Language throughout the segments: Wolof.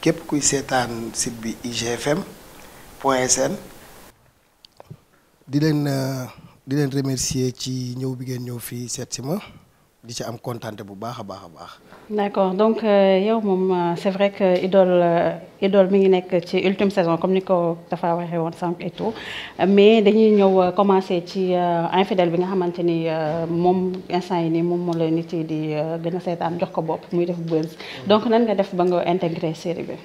kep kuy setan site bi igfm.sn di len euh, di len remercier ci ñew bi gene ñëw fi seet si di ci am contenté bu baax a baax d'accord donc euh, yow moom euh, c'est vrai que idol euh, idol mi ngi nekk ci ultime saison comme ni ko dafa waxee woon sànq et tout mais dañuy ñëw commencé ci infidèle bi nga xamante ni moom instant yi nii moom moo la nit yi di gën a seetaan jox ko bopp muy def buzz donc nan nga def ba nga intégré série bi.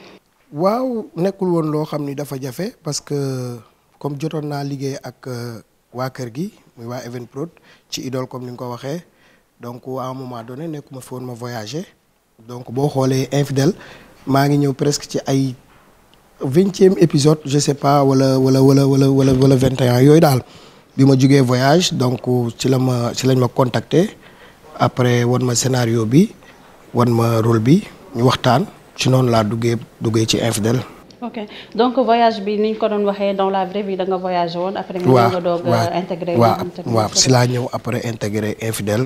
waaw nekkul woon loo xam ni dafa jafe parce que comme jotoon naa liggéey ak waa kër gi muy waa event Prod ci idol comme ni nga ko waxee donc à un moment donné je me voyager donc Infidel, infidèle je suis presque ci 20e épisode je sais pas ou wala 21, je wala wala voyage donc je la contacté. contacter après wan ma scénario bi wan ma rôle bi ñu waxtaan ci là, infidèle ok donc voyage dans la vraie vie après nga intégré. après infidèle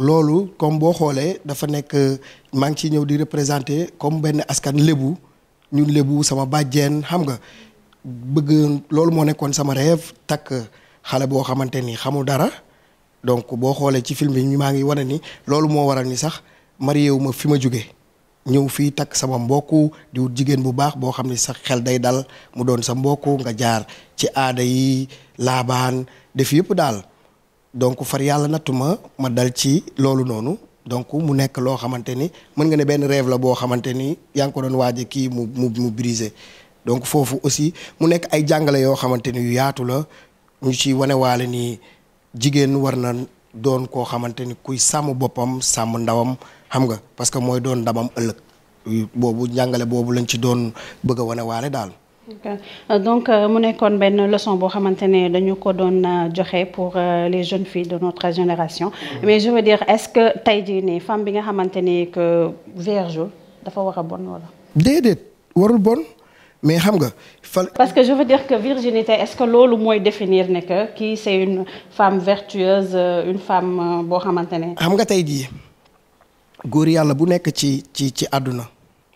lolu comme bo xolé dafa nek maa ngi ciy di représenter comme ben askan lebu ñun lebu sama bàjjeen xam nga bëgg lolu mo nekkon sama rêve tak xalé bo xamanteni ni xamul dara donc bo xolé ci film bi maa ngi wone ni lolu mo waral ni sax mariewuma fi ma ñew fi tak sama mbokku di wut jigen bu baax bo xamni sax xel day dal mu doon sa mbokku nga jaar ci aada yi laban def yëpp dal donc far yàlla nattu ma ma dal ci loolu noonu donc mu nekk loo xamante ni mën nga ne benn rêve la boo xamante ni yaa ngi ko doon waaje kii mu mu mu brisé donc foofu aussi mu nekk ay jàngale yoo xamante ni yu yaatu la ñu ci wanewaale nii jigéen war na doon koo xamante ni kuy sàmm boppam sàmm ndawam xam nga parce que mooy doon ndamam ëllëg boobu jàngale boobu lañ ci doon bëgg a wanewaale daal donc mon euh, euh, nekkoon ben leçon boo xamante ne dañu ko doon euh, joxe pour les jeunes filles de notre génération mm. mais je veux dire est-ce que tey jii nii femme bi nga xamante que vierge dafa un bon wala déedéet warul bon mais xam nga parce que je veux dire que virginité est-ce que loolu mooy définir ne que qui c'est une femme vertueuse une femme boo à maintenir? xam nga tey jii góor yàlla bu nekk ci ci ci àdduna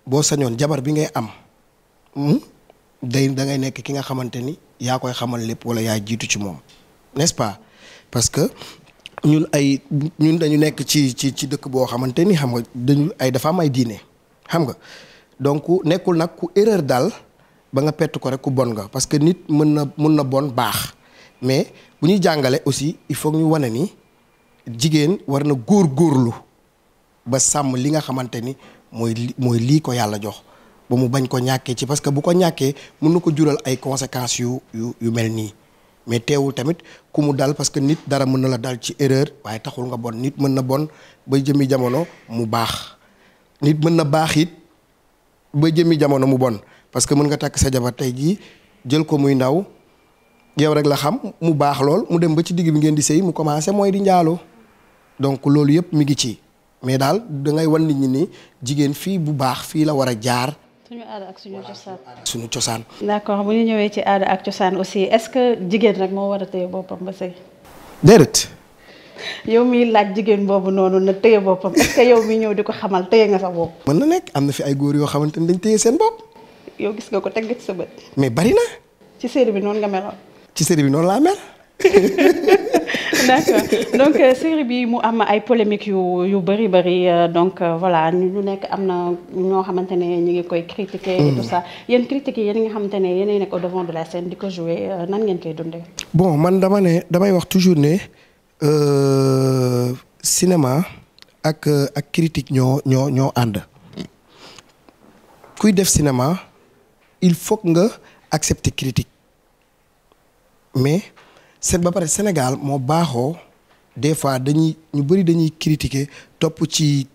boo sañoon jabar bi ngay am hmm? day da ngay nekk ki nga xamante ni yaa koy xamal lépp wala yaa jiitu ci moom n'est-ce pas parce que ñun ay ñun dañu nekk ci ci ci dëkk boo xamante ni xam nga dañu ay dafa am ay diine xam nga donc nekkul nag ku erreur daal ba nga pett ko rek ku bon nga parce que nit mën na mun na bon baax mais bu ñuy jàngale aussi il faut ñu wane ni jigéen war na góor góorlu ba sàmm li nga xamante ni mooy mooy lii ko yàlla jox ba mu bañ ko ñaké ci parce que bu ko ñaké mën ko jural ay conséquences yu yu melni mais téwul tamit ku mu dal parce que nit dara mëna la dal ci erreur waye taxul nga bon nit mëna bon ba jëmi jamono mu bax nit mëna bax it ba jëmi jamono mu bon parce que mën nga tak sa jaba tay ji jël ko muy ndaw yow rek la xam mu bax lool mu dem ba ci digg bi ngeen di sey mu commencé moy di ndialo donc lool yépp mi ngi ci mais dal da ngay wan nit ñi ni jigéen fi bu bax fi la wara jaar suñu aada ak suñu cosaan suñu cosaan. d'accord bu ñu ñëwee ci aada ak cosaan aussi est-ce que jigéen rek moo war a téye boppam ba sëy. déedéet. yow miy laaj jigéen boobu noonu nag téye boppam est-ce que yow mi ñëw di ko xamal téye nga sa bopp. mën na nekk am na fi ay góor yoo xamante ni dañ téye seen bopp. yow gis nga ko teg nga sa bët. mais bari na. ci série bi noonu nga meloon. ci série bi noonu laa mel. d'accord donc euh, série bi mu am ay polémiques yu yu bari. bëri euh, donc euh, voilà ñu nek am na ñoo xamante ne ñu ngi koy critiquer et tout ça mm. yéen critiques yi nga xamantene ne nek au devant de la scène diko ko jouer nan ngeen koy dundé. bon man dama né damay wax toujours né euh cinéma ak ak critique ñoo ñoo ñoo and. kuy def cinéma il faut que nga accepter critique mais. c'est ba pare Sénégal mo baaxoo des fois dañuy ñu bëri dañuy critiquer topp ci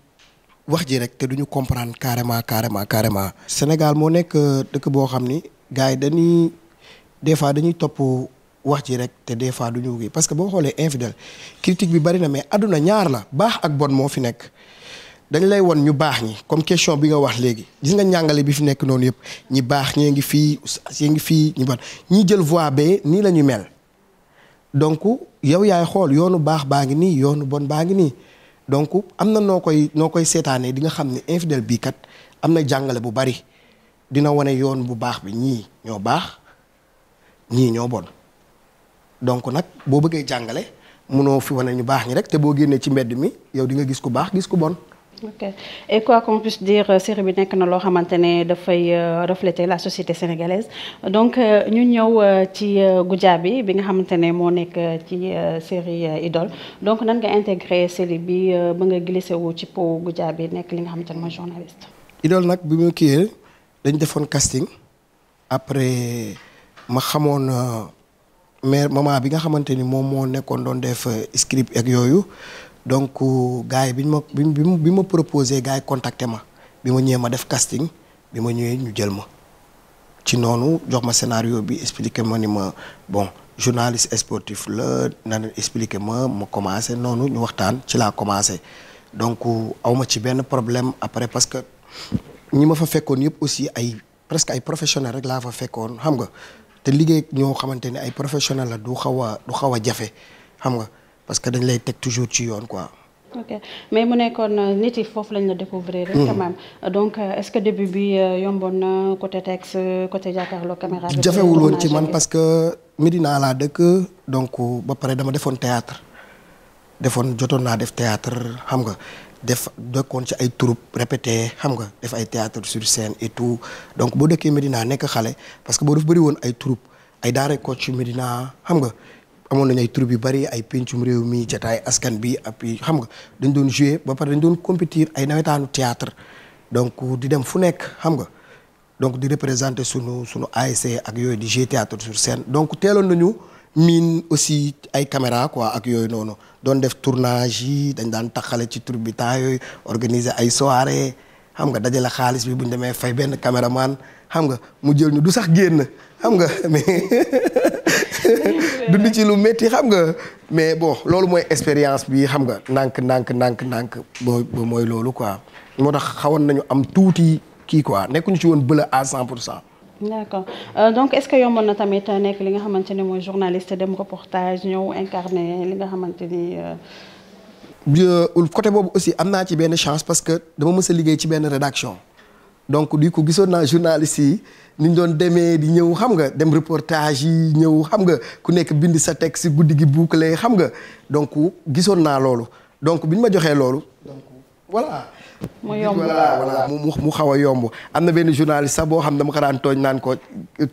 wax ji rek karema. duñu comprendre carrément carrément carrément. Sénégal moo nekk dëkk boo xam ni gars yi dañuy des fois dañuy topp wax ji rek te des fois duñu kii parce que boo xoolee infidèle critique bi bari na mais àdduna ñaar la baax ak bon moo fi nekk. dañ lay won ñu baax ñi comme question bi nga wax léegi gis nga njàngale bi fi nekk noonu yëpp ñi baax ñee ngi ngi ñi bon ñi jël voix la mel. donc yow yaay xool yoonu baax baa ngi nii yoonu bon baa ngi nii donc am na noo koy noo koy seetaanee di nga xam ne infidèle bii kat am na jàngale bu bari dina wane yoon bu baax bi ñii ñoo baax ñii ñoo bon donc nag boo bëggee jàngale mënoo fi wane ñu baax ñi rek te boo génnee ci mbedd mi yow di nga gis ku baax gis ku bon ok et quoi qu'on puisse dire euh, série bi que na loo xamante ne dafay euh, refléter la société sénégalaise donc euh, ñu ñëw ci Goudiaby bi nga xamante mon moo ci série Idole donc nan nga intégré série bi ba nga glissé wu ci po Goudiaby nekk li nga xamante ne journaliste. Idole nag bi mu kiiyee dañ casting après ma xamoon mère maman bi nga xamante mon moom ne nekkoon pas def script ak donc euh, gars yi bi ñu ma bi proposé gars yi contacté ma bi ma ma def casting bi ma ñëwee ñu jël ma ci noonu jox ma scénario bi expliqué ma ni ma bon journaliste sportif la na expliqué ma ma commencé noonu ñu waxtaan ci laa commencé donc euh, awma ci benn problème après parce que ñi ma fa fekkoon yëpp aussi ay presque ay professionnel rek la fa fekkone xam nga té liggéey ño xamanténi ay professionnel la du xawa du xawa jafé xam nga parce que dañ lay tek toujours ci yoon quoi. ok mais mu nekkoon euh, nit yi fofu lañ la découvrir hein, quand hmm. même donc euh, est-ce que début bi euh, yomboon côté texte côté jàkkaarloo caméra. jafewul won ci man parce que medina laa deuk donc ba paré dama defoon théâtre defoon jotoon naa def théâtre xam nga def dëkkoon ci ay troupe répété xam nga def ay théâtre sur scène et tout donc bo dëkkee medina nek xalé parce que bo def bëri won ay troupe ay daare ko ci Médina xam nga. amoon nañu ay troupe yu bari ay pencum réew mii jataay askan bi ak xam nga dañ doon jouer ba pare dañ doon compétir ay nawetaanu théâtre donc di dem fu nekk xam nga donc di représenter sunu sunu ASC ak yooyu di jouer théâtre sur scène donc teeloon nañu miin aussi ay caméra quoi ak yooyu noonu doon def tournage yi dañ daan taxale ci troupe bi temps yooyu organiser ay soire xam nga dajale xaalis bi bu ñu demee fay benn caméraman xam nga mu jël ñu du sax génn xam nga mais. dund ci lu metti xam nga mais bon loolu mooy expérience bi xam nga nank nank nank nank boo mooy loolu quoi moo tax xawoon nañu am tuuti kii quoi nekkuñu ci woon bëla à 100 pour cent d'accord euh, donc est-ce que yomboon na tamit euh, nekk li nga xamante ne mooy journaliste dem reportage ñëw incarné li nga xamante ni euh, côté boobu aussi am naa ci benn chance parce que dama mës a liggéey ci benn rédaction donc di ko gisoon naa journaliste yi ni ñu doon demee di ñëw xam nga dem reportage yi ñëw xam nga ku nekk bind sa texte guddi gi bouclé xam nga donc gisoon naa loolu donc bi ñu ma joxee loolu. donc voilà. mu yomb mu xaw a yomb am na benn journaliste sax boo xam ne dama ko daan tooñ naan ko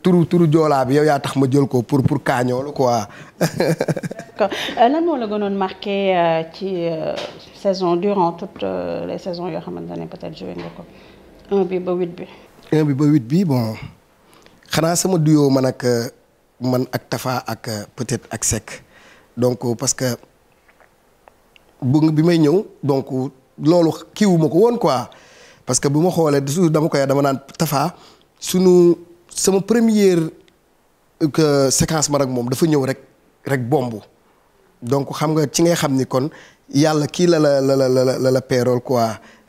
turu turu joolaa bi yow yaa tax ma jël ko pour pour ko la quoi. Euh, lan moo la gënoon marqué euh, ci euh, saison durant toutes les saisons yoo xamante ne peut-être ko. 1 bi ba 8 bi. ba 8 bi bon xanaa sama duyoo man ak man ak Tafa ak peut-être ak Seck donc parce que bu bi may ñëw donc loolu kiiwuma ko woon quoi parce que bu ma xoolee toujours dama koy dama naan Tafa sunu sama première euh, que séquence man ak moom dafa ñëw rek rek bomb donc xam nga ci ngay xam ni kon yàlla kii la la la la la la peerool quoi.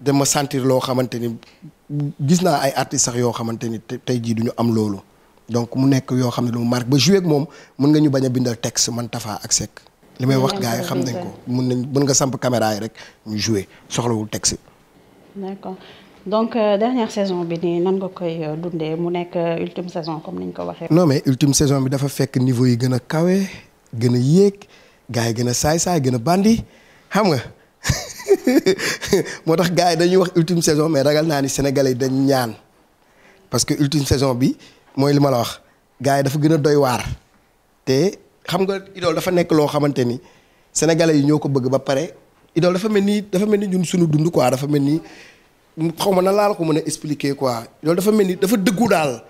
de me sentir lo xamanteni gis na ay artistes sax yoo xamante ni tey duñu am lolu donc mu nek yo xamne lu mu marque ba jouer ak mom mën nga ñu baña bindal texte man Tafa ak Seck limay wax gaay xam nañ ko mën nañ mën nga samp caméra yi rek ñu jouer soxla soxlawul texte. d'accord donc euh, dernière saison bi ni nan nga koy euh, dundé mu nek euh, ultime saison comme niñ ko waxé non mais ultime saison bi dafa fekk niveau yi gëna kawé gëna gën gaay gëna gars yi gën saay saay gën bandi xam nga. motax gaay dañuy wax ultime saison mais ragal naani sénégalais dañ ñaan parce que ultime saison bi moy li ma la wax gaay dafa gëna doy war té xam nga idole dafa nek lo xamanteni sénégalais yi ñoko bëgg ba paré idole dafa melni dafa melni ñun suñu dund quoi dafa melni xawma na ma la ko mëna expliquer quoi idole dafa melni dafa dëggu dal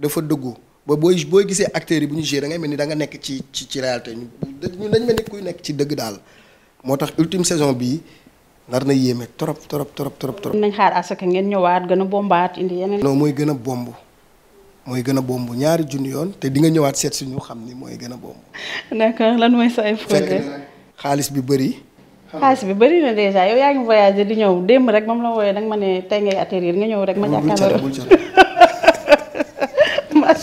dafa dëggu ba boy boy gisee acteur yi bu ñu joué da ngay melni da nga nek ci ci réalité ñu dañ mel ni kuy nek ci dëgg dal motax ultime saison bi nar na torop torop torop torop torop torop nañ xaar asaka ngeen ñëwaat gëna bombaat indi yeneen. non moy gëna bombu moy gëna bombu ñaari junni yoon te di nga ñëwaat seet suñu xam ni mooy gën a bomb. lan moy say projet. xaalis bi bari xaalis bi bari na déjà yow yaangi voyager di ñëw dem rek moom la woyé nak mané tay ngay atterrir nga ñëw rek. ma jàkkaarloo bul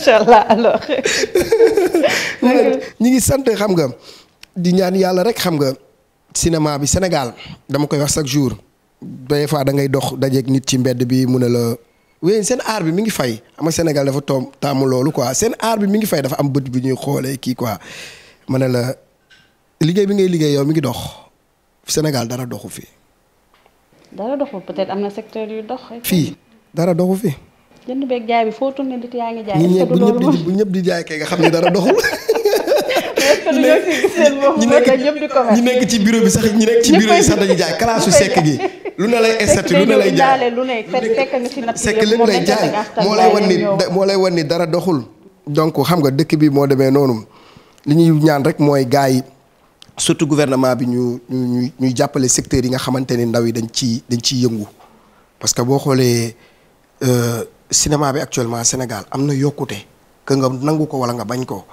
allah alors. ñi ngi sante xam nga di ñaan yalla rek xam nga cinéma bi Sénégal dama koy wax chaque jour day fa da ngay dox dajeeg nit ci mbedd bi mu ne la wéy sen art bi mi ngi fay ama Sénégal dafa tom taamu lolu quoi sen art bi mi ngi fay dafa am bëtt bi ñuy xolé ki quoi mu ne la liggéey bi ngay liggéey yow mi ngi dox Sénégal dara doxu fi. dara doxu peut-être amna secteur yu dox. fi dara doxu fi. jënd beeg jaay bi fo tourné nit yaangi jaay. bu ñëpp di jaay kay nga xamni dara doxul. ñu nekk ñi ci bureau bi sax ñi nekk ci bureau yi sax dañuy jaay sekk gi lu ne lay estati lu ne lay lay jaay moo lay wan ni dara doxul donc xam nga dëkk bi moo demee noonu li ñuy ñaan rek mooy gars yi surtout gouvernement bi ñu ñuy jàppale secteur yi nga xamante ni ndaw yi dañ ci dañ ciy yëngu parce que boo xoolee euh, cinéma bi actuellement Sénégal am na yokkute que nga nangu ko wala nga bañ ko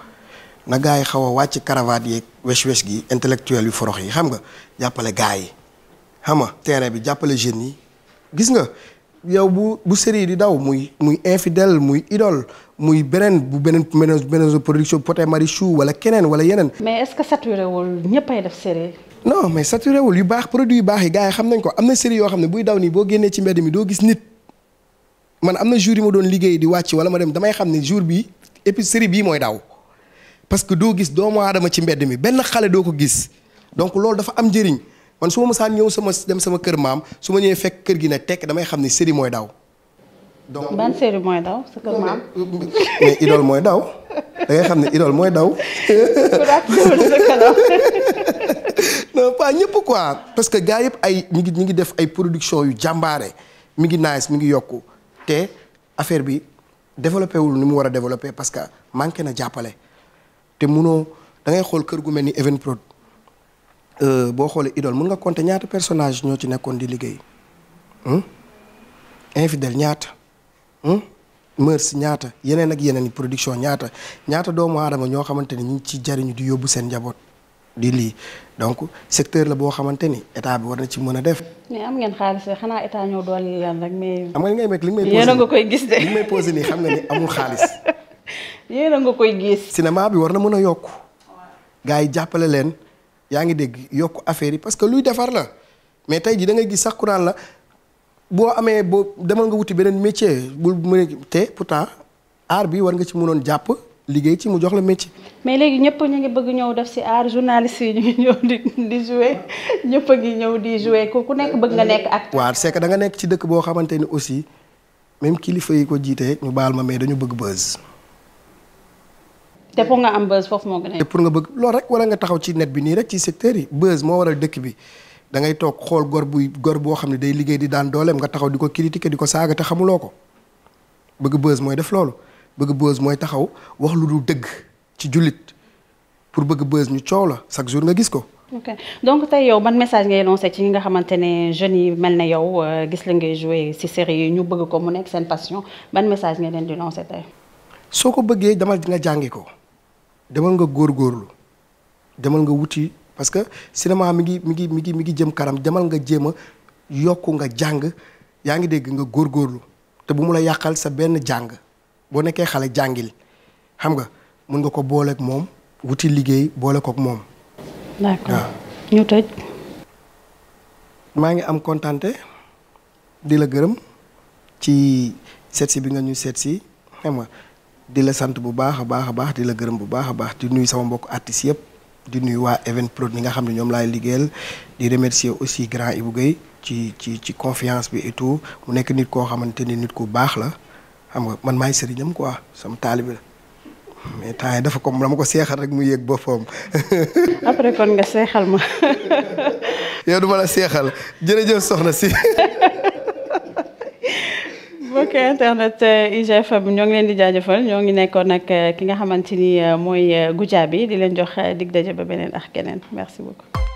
na gaa yi xaw a wàcc cravate yeeg wesh-wesh gi intellectuel yu forox yi xam nga jàppale gaa yi xam nga terrain bi jàppale jeunes yi gis nga yow bu bu série di daw muy muy infidèle muy idole muy beneen bu beneen beneen production Pod et Marichou wala keneen wala yeneen. mais est-ce que saturé wul ñëpp ay def série. non mais saturé yu baax produit yu baax yi gars yi xam nañ ko am na série yoo xam ne buy daw nii boo génnee ci mbedd mi doo gis nit man am na jour yi ma doon liggéey di wàcc wala ma dem damay xam ne jour bi épi série bii mooy daw. parce que do gis mo adama ci mbedd mi ben xalé do ko gis donc loolu dafa am njëriñ man suma musa ñew sama dem sama kër maam suma ma fek kër gi na tek damay xamni seri moy daw. donc ban seri moy daw sa kër maam. mais idol moy daw da ngay xamni idol moy daw. non pas ñepp quoi parce que gaay yep ay ñi ngi ngi def ay production yu jambaré mi ngi nice mi ngi yokku té affaire bi développé wul ni mu wara développé parce que manké na jappalé te munoo da xool kër gu mel ni Evenprod euh, boo xoolee idole mun nga compter ñaata personnage ñoo ci nekkoon di liggéey hmm? infidèle ñaata mœurs hmm? ñaata yeneen ak yeneen production ñaata ñaata doomu aadama ñoo xamante ni ñu ngi ci jariñu di yóbbu seen njaboot di lii donc secteur la boo xamante ni état bi war na ci mën a def. mais am nga li nga may posé yéen a nii xam nga ni amul xaalis. yéen nga koy gis. cinéma bi war na mën a yokku. gars yi jàppale leen yaa ngi dégg yokk affaire yi parce que luy defar la mais tey jii da ngay gis sax kuraan la boo amee boo demal nga wuti beneen métier bu mën te pourtant bi war nga ci mënoon jàpp. liggéey ci mu jox la métier. mais léegi ñëpp ñu ngi bëgg ñëw def si art journaliste yi ñu ngi ñëw di di jouer ñëpp a ngi nekk bëgg nga nekk acteur. waaw c'est que da nga nekk ci dëkk boo xamante ni aussi même kilifa yi ko jiite ñu baal ma mais dañu bëgg buzz. té pour nga am buzz foofu mo gëné a. pour nga bëgg lool rek wala nga taxaw ci net bi nii rek ci secteur yi buzz moo waral dëkk bi da ngay tok xol gor bu gor bo xamni day liggéey di daan dolem nga taxaw diko critiquer diko saga té te xamuloo ko bëgg buzz moy def loolu bëgg buzz moy taxaw wax lu du dëgg ci julit pour bëgg buzz ñu coow la chaque jour nga gis ko. ok donc tay yow ban message ngay lancer ci nga xamantene jeune yi melne yow euh, gis la ngay jouer ci série yi ñu bëgg ko mu nek sen passion ban message ngay leen di lancer tay soko beugé bëggee dama nga jangé ko. demal nga góor góorlu demal nga wuti parce que cinéma mi ngi mi ngi mi ngi mi ngi jëm kanam demal nga jéem a yokk nga jàng yaa ngi dégg nga góor góorlu te bu mu la yàqal sa benn jàng boo nekkee xale jàngil xam nga mun nga ko booleeg moom wuti liggéey boole kook moom. d'accord ah. maa ngi am kontante di la gërëm ci seetsi bi nga ñu seetsi xam nga. di la sant bu baax a baax a baax di la gërëm bu baax a baax di nuyu sama mbokk artistes yëpp di nuyu waa Evenprod ni nga xam ne ñoom laay liggéeyal di remercier aussi grand Ibou Guèye ci ci ci confiance bi et mu nekk nit koo xamante ni nit ku baax la xam nga man maay sëriñam quoi sama taalibe la mais temps dafa ko comme ma ko seexal rek mu yëg boppam. après kon nga seexal ma. yow du ma la seexal jërëjëf soxna si. ok internet eh, IGF ñoo ngi leen di jaajëfal ñoo ngi nekkoon nag eh, ki nga xamante ni eh, mooy Goudiaby bi di leen jox dig daje ba beneen ak keneen merci beaucoup.